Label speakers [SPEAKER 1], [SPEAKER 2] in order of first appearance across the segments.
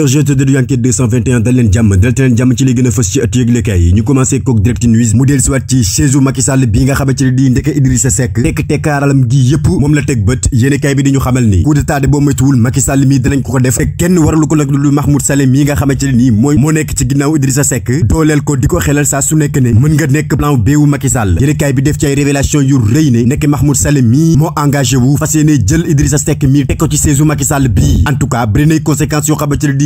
[SPEAKER 1] auditeur leen jàmm dal leen jàmm ci li gën fës ci ëtt yëglekaay ñu commencé kook direct news mu del siwaat ci chaise Macky bi nga xamante ne di di ñu xamal ni coup dooleel ko di ko xelal saa su nekk ne mën nga nekk plan B wu Macky bi def ci ay révélation yu rëy ne nekk Mahmoud Saleh moo engagé wu fas yéene jël Idrissa Seck mii teg ko ci chaise Macky Sall en tout cas bëri nay conséquences yoo xamante ne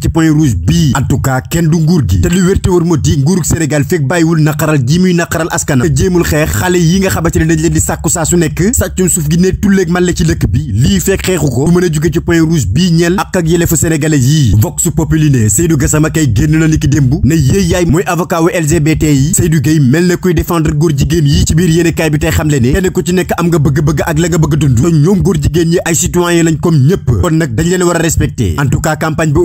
[SPEAKER 1] ci point rouge bii en tout cas kenn du nguur gi te li wérte wër moo di nguurug Sénégal fekk bàyyiwul naqaral ji muy naqaral askanam te jéemul xeex xale yi nga xamante ne dañ leen di sàkku saa su nekk sàccum suuf gi ne tulleeg man la ci dëkk bi lii fekk xeexu ko du mën a jóge ci point rouge bii ñeel ak ak yelefu sénégalais yii vox populi ne Seydou Gassama kay génn na ni démb ne yéey mooy avocat wu LGBT yi Seydou Gueye mel na kuy défendre góor jigéen yi ci bi tey xamle ne kenn ku nga bëgg-bëgg ak la nga ñi ay citoyen lañ comme ñëpp kon nag dañ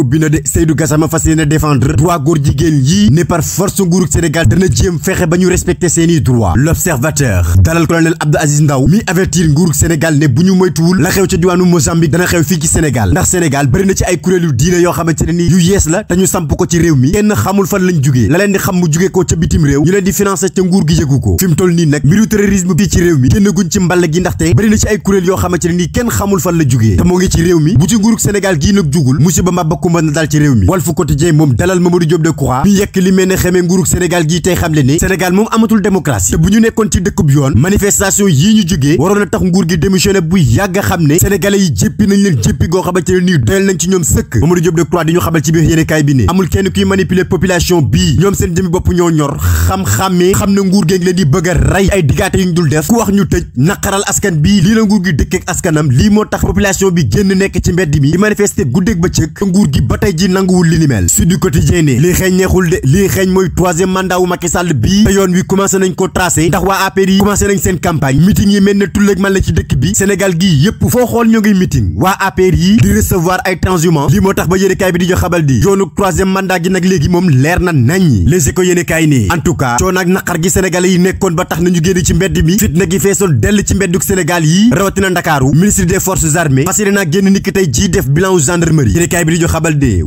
[SPEAKER 1] bi na de Seydou Gassama fas yéene défendre droit góor jigéen yi ne par force nguurug Sénégal dana jéem fexe ba ñu respecter seeni droit l'observateur dalal colonel Abdou Aziz Ndaw mi avertir nguurug Sénégal ne bu ñu moytuwul la xew ca diwaanu Mozambique dana xew fii ci Sénégal ndax Sénégal bëri na ci ay kuréelu diine yoo xamante ne ni yu yees la te ñu samp ko ci réew mi kenn xamul fan lañ jugee la leen di xam mu jugee ko ca bitim réew ñu leen di financer ca nguur gi yëgu ko fi toll nii nag mbiru terrorisme bi ci réew mi génn guñ ci mball gi ndaxte ni kenn xamul fan la jugee te ngi ci réew mi bu ci nguurug na dal ci ci réew mi Walf Quotidien moom dalal Mamadou Diop Decroix mi yekk li mel ne nguurug Sénégal gii tey xamle ne Sénégal moom amatul démocratie te bu ñu nekkoon ci dëkkub yoon manifestation yii ñu jógee waroon a tax nguur gi démissionné bu yàgg askanam lii moo tax population bi génn nekk ci mbedd mi di manifester guddeeg bëccëg nguur gi ba ji gi nanguwul li ni Sud du Quotidien xeeñ neexul de lii xeeñ mooy troisième mandat wu Macky Sall bii te yoon wi commencé nañ ko tracé ndax waa APR yi commencé nañ seen campagne meeting yi mel ne tulleeg man ci dëkk bi Sénégal gi yépp foo xool ñoo ngi meeting waa APR yi di recevoir ay transhumants li moo tax ba yéenekaay bi di jox xabal di yoonu nag léegi ak naqar gi Sénégalais yi nekkoon ba tax nañu génn ci mbedd mi fitna gi feesoon dell ci mbedduk Sénégal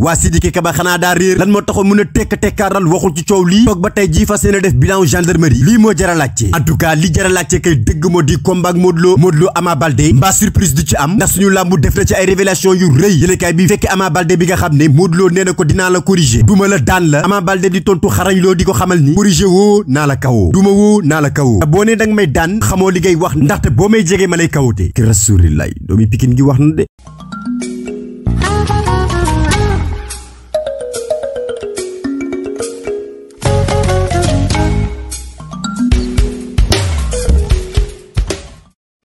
[SPEAKER 1] waa Sidiki Kaba xanaa daa réer lan moo taxoon mën a tekk tekkaaral waxul ci coow lii toog ba tey jii fas def bilan gendarmerie lii moo jar a laajte en tout a laajte kay dëgg moo di combat Modou Lo Modou Lo Ama mbaa surprise du ci am ndax suñu làmbu def na ci ay révélation yu rëy yéenekaay bi fekk Ama Baldé bi nga xam ne Modou Lo nee na ko dinaa la corriger duma la daan la Ama Baldé di tontu xarañ loo di ko xamal ni corriger woo naa la naa la kawoo boo nee danga may daan xamoo li ngay wax ndaxte boo may jegee ma lay kawote ki rasulillah doomi Pikine na de